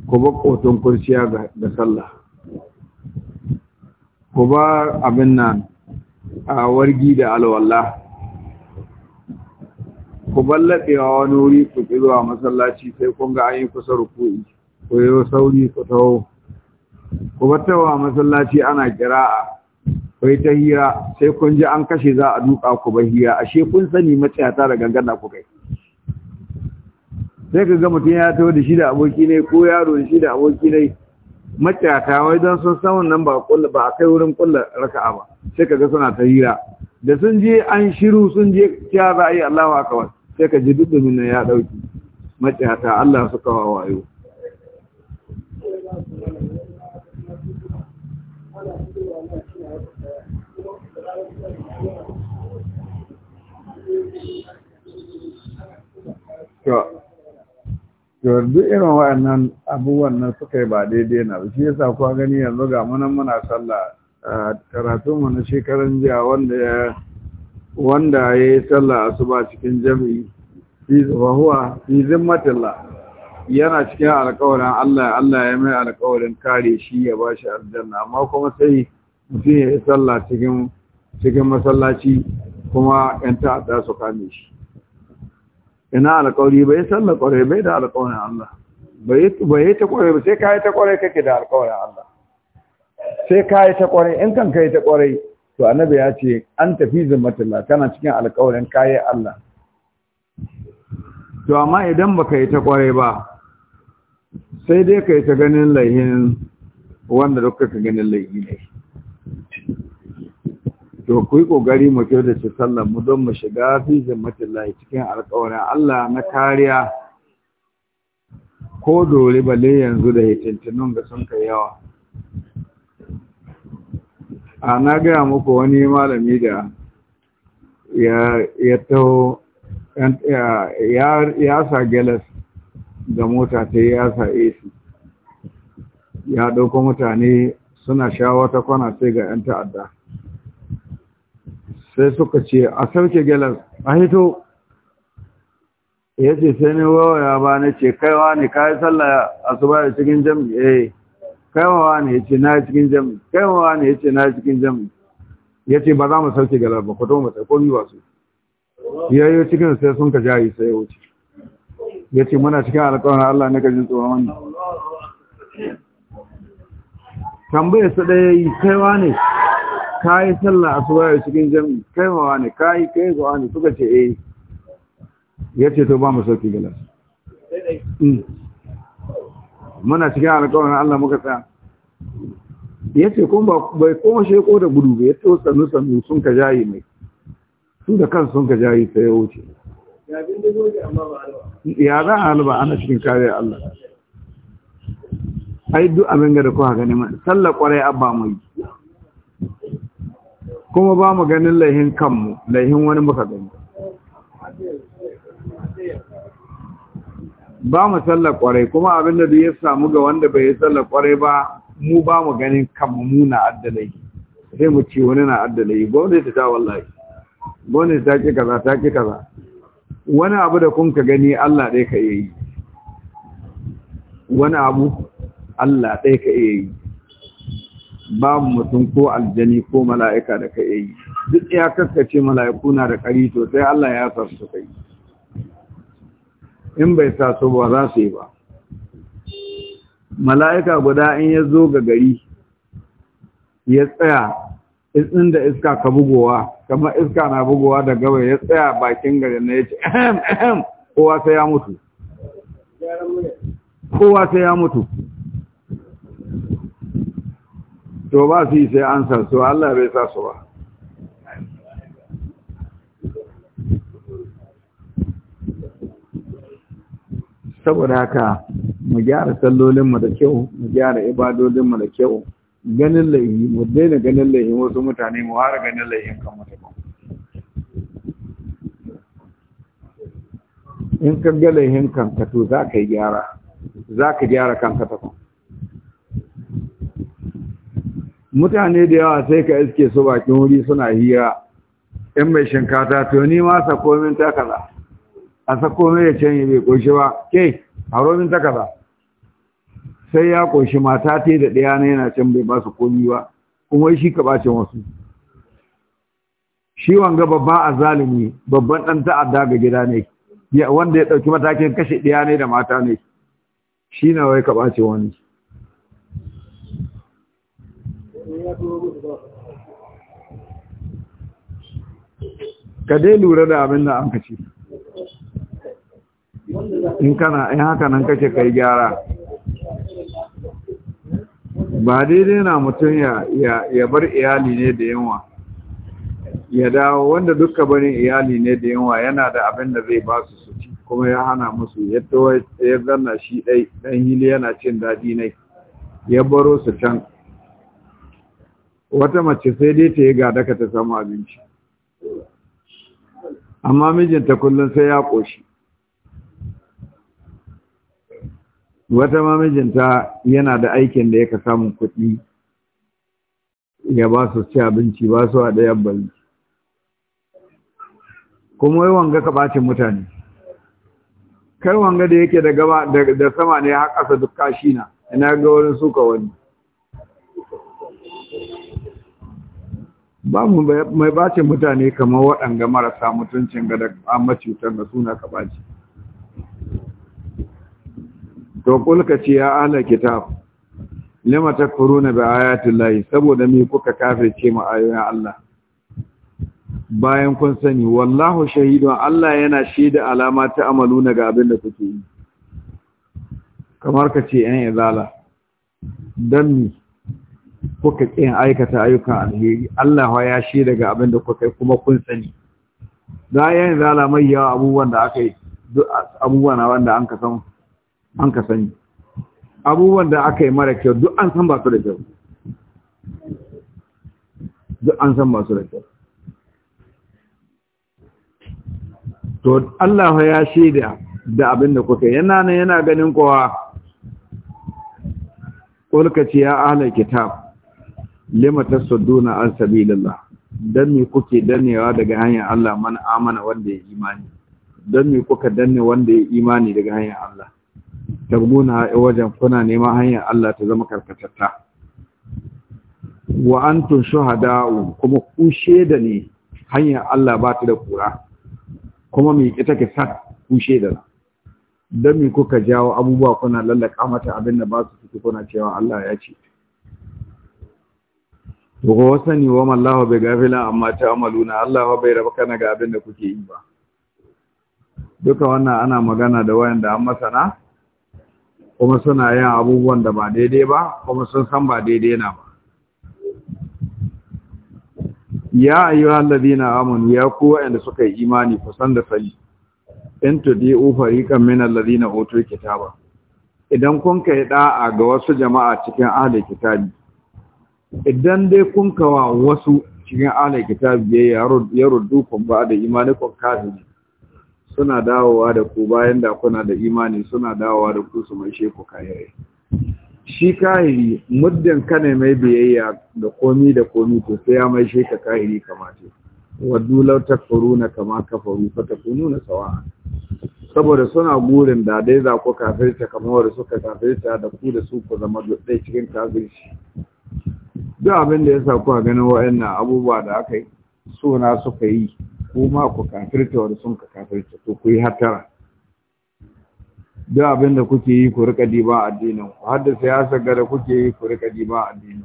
ku ba kotun kurciya da sallah ku ba abin nan a wargi da alwala. ku ballaɗewa wani wuri ku ƙi zuwa masallaci sai kun ga an yi kusa rukuni. ku yi sauri ku taho ku battawa masallaci ana kira'a ku yi ta hira sai kun ji an kashe za a duka ku ba hira ashe kun sani matsayata da gangana ku kai sai ka ga mutum ya taho da shi da aboki ne ko yaro da shi da aboki ne matsayata wai don sun san wannan ba a kai wurin kulla raka'a ba sai ka ga suna ta hira da sun je an shiru sun je kya za a yi Allahu akbar sai ka ji da nan ya ɗauki matsayata Allah suka wawayo yanzu irin wa'annan abubuwan nan suka yi ba daidai na shi yasa kuwa gani yanzu ga munan muna sallah a ah, karatunmu na shekaran jiya wanda ya wanda ya yi sallah asuba cikin jami'i fi zuwa fi zimmatilla yana cikin alƙawarin Allah Allah ya mai alƙawarin kare shi ya ba shi aljanna amma kuma sai mutum ya yi sallah cikin cikin masallaci kuma yan ta'adda su kame shi ina alkawari bai sallah ƙwarai bai da alƙawarin Allah bai yi ta ƙwarai sai ka yi ta ƙwarai kake da alƙawarin Allah sai ka yi ta ƙwarai in kan ka yi ta ƙwarai to annabi ya ce an tafi zimmatullah kana cikin alƙawarin kayan Allah to amma idan baka yi ta kware ba sai dai ka yi ta ganin laihin wanda duka ka ganin laihi ne to ku yi ƙoƙari mu kyau da ce sallar mu don mu shiga fi zimmatullah cikin alƙawarin Allah na kariya ko dole balle yanzu da hitintinun ga sun kai yawa a na gaya muku wani malami da ya taho ya sa gelas da mota ta ya sa AC ya ɗauko mutane suna sha wata kwana sai ga 'yan ta'adda sai suka ce a sauke gelas a hito ya ce sai ne ya ba na ce kaiwa ne kayi sallah asuba cikin jam'i eh, kaimawa ne ya ce na cikin jami kaimawa ne ya ce na cikin jami ya ce ba za mu sauke galar ba kwato mu tsarko mi wasu ya yi cikin sai sun ka jayi sai ya wuce ya ce muna cikin alƙawarin Allah na gajin tsoron wannan tambayar su ɗaya yi kaiwa ne ka yi sallah a suwayar cikin jami kaimawa ne ka yi kai zuwa ne suka ce eh ya ce to ba mu sauke galar hmm. muna cikin alƙawarin Allah muka tsaya ya ce kuma bai koma sheko da gudu ba ya ce sannu sannu sun ka jayi mai su da kan sun ka jayi sai ya wuce ya za a halba ana cikin kariya Allah ai duk abin ga da kuka gani mai sallar kwarai abba mu yi kuma ba mu ganin laihin kanmu laihin wani muka gani ba mu sallar kwarai kuma abin da ya samu ga wanda bai sallar kwarai ba mu ba mu ganin kanmu mu na addalai sai mu ce wani na addalai gwamnati ta wallahi gwamnati ta ki kaza ta ki kaza wani abu da kun ka gani Allah ɗaya ka yi wani abu Allah ɗaya ka yi babu mutum ko aljani ko mala'ika da ka yi duk ya kaskace mala'iku na da ƙari to sai Allah ya sarsu kai in bai sa ba za su yi ba mala'ika guda in ya zo ga gari ya tsaya in da iska ka bugowa kamar iska na bugowa da gaba ya tsaya bakin gari na ya ce ahem ahem kowa sai ya mutu kowa sai ya mutu to ba su yi sai an sa Allah bai sa su ba saboda haka mu gyara sallolinmu da kyau mu gyara ibadodinmu da kyau ganin laihi mu daina ganin laihi wasu mutane mu har ganin laihin kan mutum in ka ga laihin ka to za ka yi gyara za ka gyara ka ta mutane da yawa sai ka iske su bakin wuri suna hira Yan mai shinkata to ni ma sako takala a sako mai ya canye bai ƙunshi ba ke haromin ta sai ya ƙunshi mata ta da ɗaya na yana can bai ba su komi ba kuma shi ka ɓacin wasu shi wanga babba babban zalimi babban ɗan ta'adda ga gida ne wanda ya ɗauki matakin kashe ɗaya ne da mata ne shi na wai ka ɓace wani ka dai lura da abin da an ce in kana in haka nan kake kai gyara ba daidai na mutum ya bar iyali ne da yawa ya dawo wanda duka barin iyali ne da yawa yana da abin da zai ba su ci kuma ya hana musu yadda ya zanna shi dai dan hili yana cin daɗi ne ya baro su can wata mace sai dai ta yi gada ka ta samu abinci amma mijinta kullum sai ya ƙoshi wata ma mijinta yana da aikin da yaka samun kuɗi ya ba su ci abinci ba su haɗe ɗaya kuma yi wanga ka ɓacin mutane kai wanga da yake da sama ne har ƙasa duk kashi na ina ga wani suka wani ba mu mai bacin mutane kamar waɗanga marasa mutuncin ga da cutar da suna ka ɓacin to kulka ce ya ahla kitab lima takfuruna bi ayatillahi saboda me kuka kafirce mu ayoyin Allah bayan kun sani wallahu shahidu Allah yana shaida alama ta amaluna ga abin da kuke yi kamar ka ce yan izala dan ni kuka kin aikata ayyukan alheri Allah ya shaida ga abin da kuka kuma kun sani da yan izala mai yawa abubuwan da aka yi abubuwan wanda an ka samu an ka sani abubuwan da aka yi mara kyau duk an san ba su da kyau duk an san ba su da kyau to Allah ya shaida da abin da kuka yana nan yana ganin kowa ci ya ahalar kitab lima tasadduna an sabilillah dan me kuke danewa daga hanyar Allah man amana wanda ya imani dan me kuka danne wanda ya imani daga hanyar Allah tabguna wajen kuna neman hanyar Allah ta zama karkatatta wa antum shuhada'u kuma ku sheda ne hanyar Allah ba ta da kura kuma mai ita ka sa ku sheda na dan me kuka jawo abubuwa kuna lallaka mata abin da ba su fito kuna cewa Allah ya ce to ko ne wa mallahu bi gafila amma ta amaluna Allah bai raba kana ga abin da kuke yi ba duka wannan ana magana da wayanda an masana kuma suna yin abubuwan da ba daidai ba kuma sun san ba daidai na ba ya ayyu na Amun ya ku wa'anda suka yi imani kusan da sani in tudi'u fariqan min allazina utul kitaba idan kun kai da'a ga wasu jama'a cikin ahli kitabi idan dai kun kawa wasu cikin ahli kitabi ya yaruddu kun ba da kun kafiri suna dawowa da ku bayan da kuna da imani suna dawowa da ku su mai sheku kayayi shi kahiri muddin ka ne mai biyayya da komi da komi to sai ya mai sheka kahiri kamata waddu law takfuruna kama kafaru fatakununa sawa saboda suna gurin da dai za ku kafirta kamar suka kafirta da ku da su ku zama dai cikin kafirci duk abin da ya sa ku ganin wa'annan abubuwa da aka yi suna suka yi ku ma ku kafirta wani sun ka kafirta to ku yi hatara duk abin da kuke yi ku rika diba addinin ku har da siyasa gada kuke yi ku rika diba addinin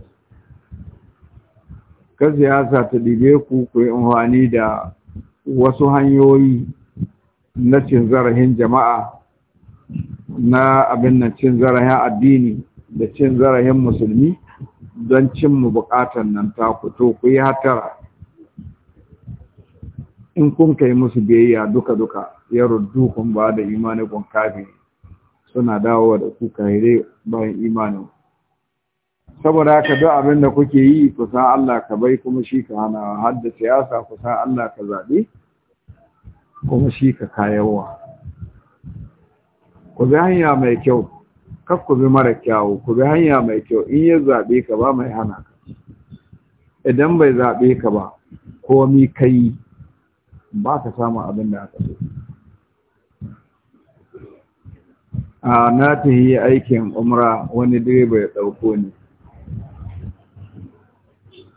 ka siyasa ta dibe ku ku yi amfani da wasu hanyoyi na cin zarafin jama'a na abin nan cin zarafin addini da cin zarafin musulmi don cin mu bukatan nan ta ku to ku yi hatara in kun kai musu biyayya duka duka ya ruddu kun ba da imanin kun kafi suna dawowa da ku dai bayan imanin saboda haka duk abin da kuke yi ku san Allah ka bai kuma shi ka hana har da siyasa ku san Allah ka zaɓe kuma shi ka kayarwa ku bi hanya mai kyau kaf ku bi mara kyawu ku bi hanya mai kyau in ya zaɓe ka ba mai hana ka idan bai zaɓe ka ba komi kai ba ka samu abin da aka so a na ta yi aikin umra wani direba ya ɗauko ni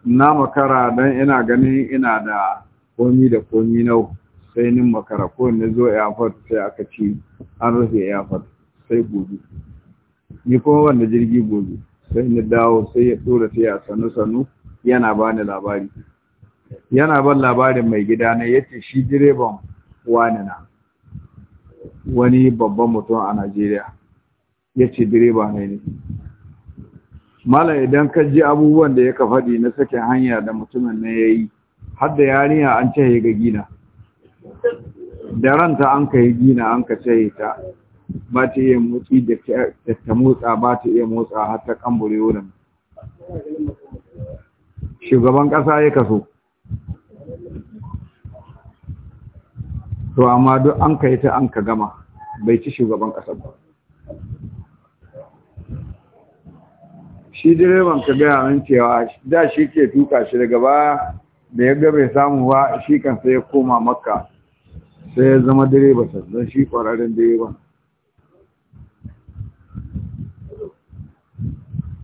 na makara don ina ganin ina da komi da komi nau sai nin makara ko na zo airport sai aka ci an rufe airport sai gobe ni kuma wanda jirgi gobe sai ni dawo sai ya ɗora sai a sanu-sanu yana bani labari yana ban labarin mai gida na yace shi direban wani na wani babban mutum a Najeriya Ya ce direba ne ne mala idan ka ji abubuwan da ya ka faɗi na sakin hanya da mutumin ya yayi har da yarinya an ce ga gina da ranta an ka yi gina an ka ce ta ba ta iya motsi da ta motsa ba ta iya motsa har ta kambure wurin shugaban ƙasa ya kaso to amma duk an ka yi ta an ka gama bai ci shugaban ƙasar ba shi direban ka gaya min cewa da shi ke tuka shi daga ba da ya bai samu ba shi kan sai ya koma makka sai ya zama direba don shi kwararren direba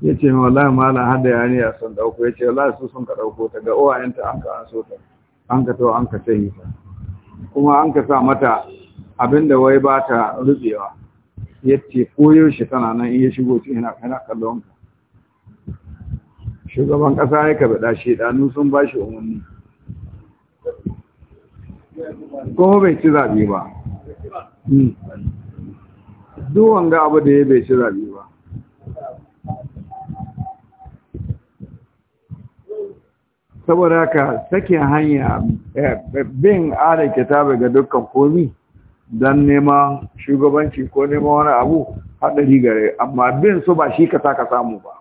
ya ce ma wallahi malam har da yani a son dauko ya ce wallahi su sun ka dauko ta ga uwayenta an ka an so ta an ka to an ka sai ta kuma an ka sa mata abinda wai ba ta rubewa yace koyo shi tana nan in ya shigo cikin kana kallon ka shugaban kasa ya bada shi danu sun ba shi umarni kuma bai ci zabi ba hmm. duk wanga abu da ya bai ci zabi saboda haka sakin hanya eh, bin ala kitabe ga dukkan komi don neman shugabanci ko neman wani abu haɗari gare amma bin su ba shi ka ka samu ba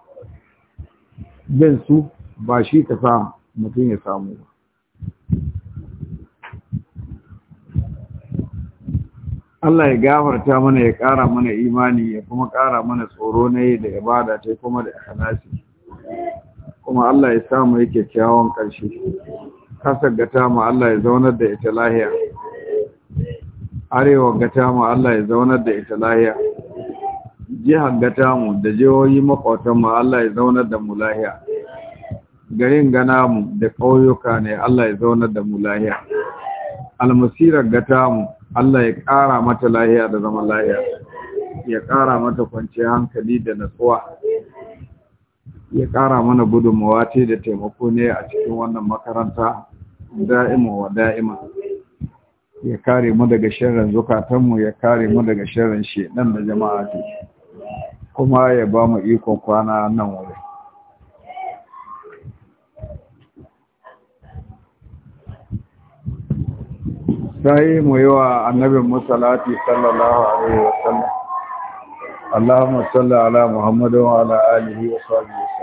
bin su ba shi ka mutum ya samu ba Allah ya gafarta mana ya ƙara mana imani ya kuma ƙara mana tsoro na da ibada ta kuma da ikhlasi kuma Allah ya samu yi kyakkyawan ƙarshe kasar gata mu Allah ya zaunar da ita lahiya arewa gata mu Allah ya zaunar da ita lahiya jihar gata mu da jihohi makwatan mu Allah ya zaunar da mu lahiya garin gana mu da ƙauyuka ne Allah ya zaunar da mu lahiya almasirar gata mu Allah ya ƙara mata lahiya da zaman lahiya ya ƙara mata kwanciyar hankali da natsuwa ya ƙara mana gudunmawa ta da taimako ne a cikin wannan makaranta da'ima wa da'ima ya kare mu daga shirin zukatanmu ya kare mu daga shirin shedan da jama'a ce kuma ya ba mu ikon kwana nan wuri sai mu yi wa annabin musalati sallallahu alaihi wasallam salli ala على wa ala alihi wa sahbihi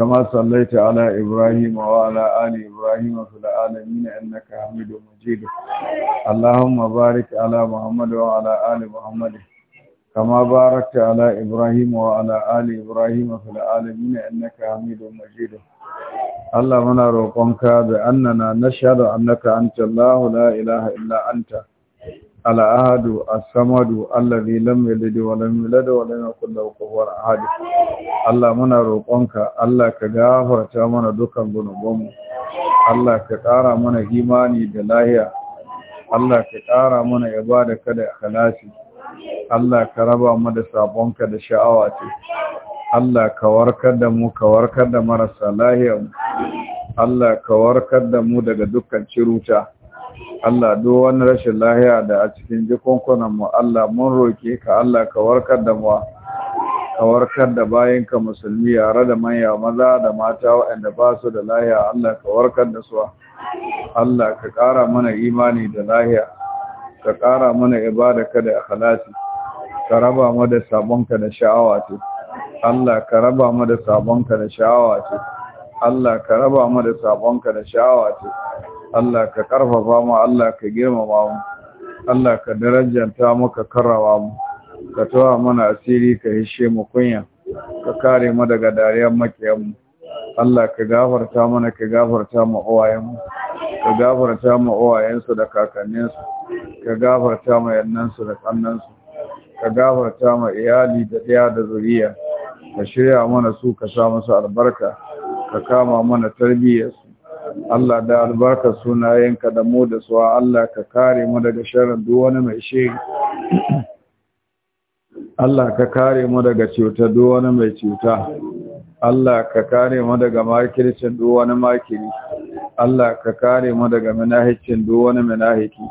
كما صليت على إبراهيم وعلى آل إبراهيم في العالمين إنك حميد مجيد اللهم بارك على محمد وعلى آل محمد كما باركت على إبراهيم وعلى آل إبراهيم في العالمين إنك حميد مجيد اللهم نروقنك بأننا نشهد أنك أنت الله لا إله إلا أنت الأحد الصمد الذي لم يلد ولم يولد ولم يكن له كفوا ahadi. الله muna roƙonka Allah ka gafarta mana dukan gunubanmu Allah ka ƙara mana imani da lahiya Allah ka ƙara mana ibada ka da ikhlasi Allah ka raba mu da sabonka da sha'awa ce Allah ka warkar da mu ka warkar da marasa lahiya Allah ka warkar da mu daga dukkan ciruta Allah duk wani rashin lahiya da a cikin jikunkunan mu Allah mun roke ka Allah ka warkar da mu ka warkar da ka musulmi yare da manya maza da mata waɗanda ba su da lahiya Allah ka warkar da su Allah ka ƙara mana imani da lahiya ka ƙara mana ibada ka da ikhlasi ka raba mu da sabonka da sha'awa ce Allah ka raba mu da sabonka da sha'awa ce Allah ka raba mu da sabonka da sha'awa ce Allah ka ƙarfafa mu Allah ka girmama mu Allah ka darajanta mu ka karrama mu ka tawa mana asiri ka hishe mu kunya ka kare mu daga dariyar makiyan Allah ka gafarta mana ka gafarta mu uwayen mu ka gafarta mu uwayen su da kakannin su ka gafarta mu yannan su da kannan su ka gafarta mu iyali da ɗaya da zuriya ka shirya mana su ka sa musu albarka ka kama mana tarbiyyarsu. Allah da albarka sunayenka da mu da suwa Allah ka kare mu daga sharar duk wani mai shiri Allah ka kare mu daga cuta duk wani mai cuta Allah ka kare mu daga makircin duk wani makiri Allah ka kare mu daga minahicin duk wani minahiki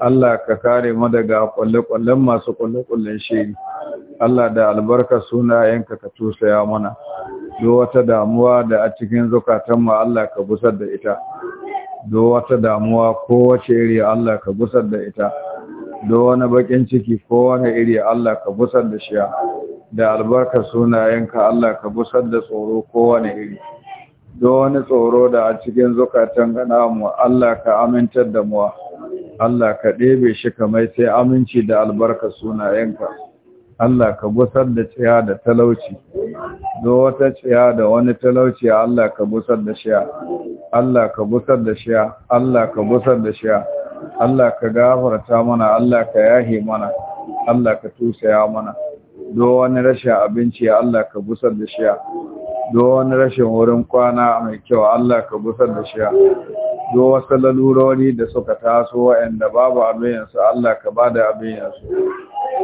Allah ka kare mu daga kwalle masu kwalle-kwallen shiri Allah da albarka sunayenka ka tusaya mana duk wata damuwa da a cikin zukatanmu Allah ka gusar da ita duk wata damuwa ko wace iri Allah ka gusar da ita duk wani bakin ciki ko wani iri Allah ka gusar da shi da albarka sunayenka Allah ka gusar da tsoro ko wani iri duk wani tsoro da a cikin zukatan gana mu Allah ka amintar da mu Allah ka ɗebe shi kamar sai aminci da albarka sunayenka Allah ka gusar da ciya da talauci do wata ciya da wani talauci Allah ka gusar da shiya Allah ka gusar da shiya Allah ka gusar da shiya Allah ka gafarta mana Allah ka yahe mana Allah ka tusaya mana do wani rashin abinci Allah ka gusar da shiya duk wani rashin wurin kwana mai kyau Allah ka gusar da shi duk wasu lalurori da suka taso wa'anda babu abiyansu Allah ka ba da abiyansu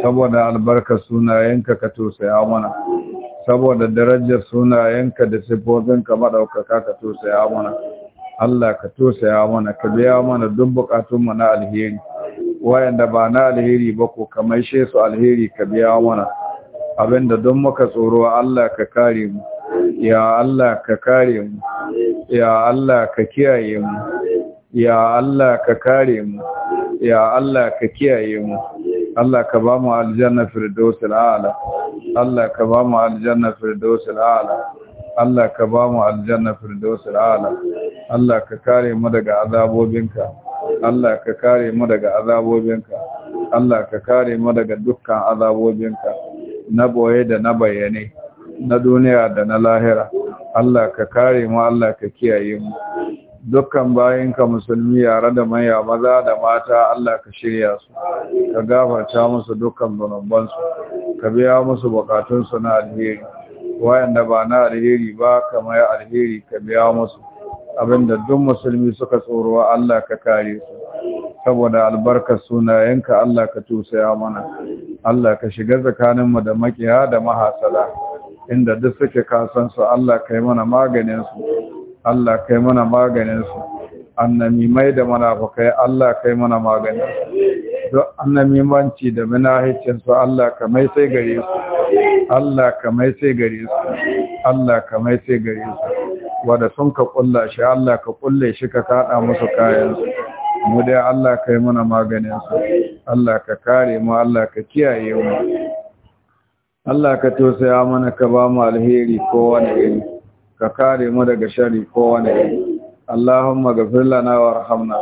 saboda albarkar sunayenka ka tosaya mana saboda darajar sunayenka da ka maɗaukaka ka tosaya mana Allah ka tosaya mana ka biya mana duk buƙatunmu na alheri wayanda ba na alheri ba ko kamar shesu alheri ka biya mana abinda don muka tsoro Allah ka kare mu ya Allah ka kare mu ya Allah ka kiyaye mu ya Allah ka kare mu ya Allah ka kiyaye mu Allah ka ba mu aljanna firdaus al'ala Allah ka ba mu aljanna firdaus al'ala Allah ka ba mu aljanna firdaus al'ala Allah ka kare mu daga azabobinka Allah ka kare mu daga azabobinka Allah ka kare mu daga dukkan azabobinka na boye da na bayane na duniya da na lahira Allah ka kare mu Allah ka kiyaye mu dukkan bayinka musulmi yare da maya maza da mata Allah ka shirya su ka gafarta musu dukkan zunubansu ka biya musu bukatunsu na alheri wayanda ba na alheri ba kamar alheri ka biya musu abinda duk musulmi suka tsorowa Allah ka kare su saboda albarkar sunayenka Allah ka tusaya mana Allah ka shiga tsakaninmu da makiya da mahasala inda duk suke su, Allah kai mana maganin su, Allah kai mana maganin su. Annami mai da munafukai Allah kai mana maganin su. duk manci da su Allah ka mai sai gare su Allah ka mai sai gare su Allah ka mai sai gare su wanda sun ka kulla shi Allah ka kulle shi ka kada musu kayansu mu dai Allah kai mana maganin su. Allah ka kare mu Allah ka kiyaye mu Allah ka tosaya mana ka ba mu alheri kowane iri, ka kare mu daga shari kowane iri. Allahumma gafir lana warhamna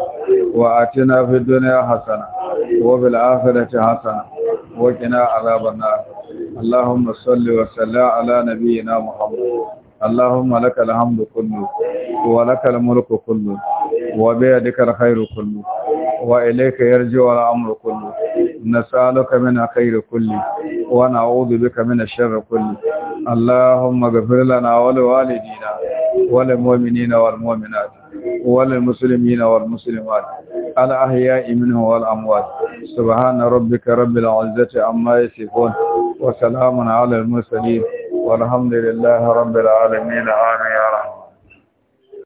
wa atina fid dunya hasana wa fil akhirati hasana wa qina azaban nar. Allahumma salli wa sallim ala nabiyyina Muhammad. اللهم لك الحمد كله ولك الملك كله وبيدك الخير كله وإليك يرجع الأمر كله نسألك من الخير كله ونعوذ بك من الشر كله اللهم اغفر لنا ولوالدينا وللمؤمنين والمؤمنات وللمسلمين والمسلمات الأحياء منه والأموات سبحان ربك رب العزة عما يصفون وسلام على المرسلين والحمد لله رب العالمين آمين يا رحمة